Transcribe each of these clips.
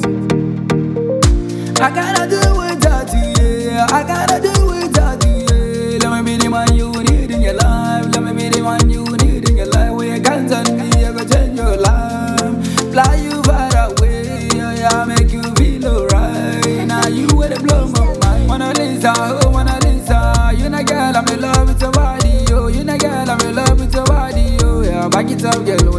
it. I gotta do without you, yeah. I gotta do without you, yeah. Let me be the one you need in your life. Let me be the one you need in your life. With your guns on me, I to change your life. Fly you far away, yeah, yeah. Make you feel alright. Now you with the blow my mind. Wanna Mona Lisa, oh Mona Lisa, you na girl, I'm in love with your body, oh. You na girl, I'm in love with your body, oh. Yeah, back it up, girl.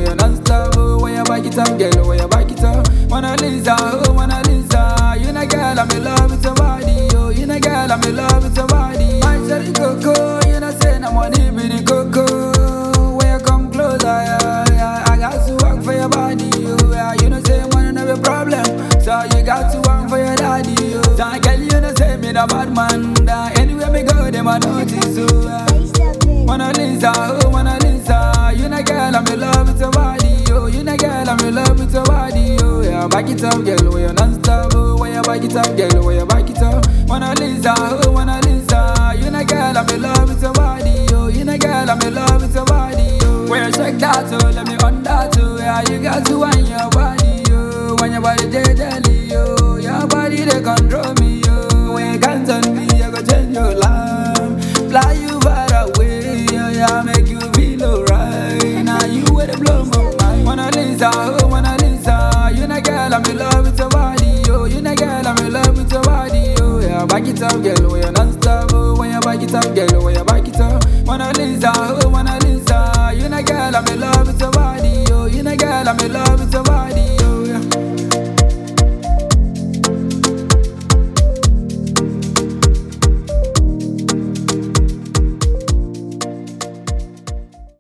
you got to one for your daddy. Oh. That girl, you know, say me the bad man. That anywhere me go, them I notice. Oh. Mona Lisa, oh Mona Lisa, you know, girl, I'm in love with your body. Oh, you know, girl, I'm in love with your body. Oh, yeah, back it up, girl, where you non-stop. Oh, where you back it up, girl, where you back it up. Mona Lisa, oh Mona Lisa, you know, girl, I'm in love with your body. Oh, you know, girl, I'm in love with your body. Oh, where you check that, oh, let me on that. Oh, yeah, you got to wind your body. Oh, when your body dead, up, girl, when you non-stop When you it up, girl, when you back it up Wanna listen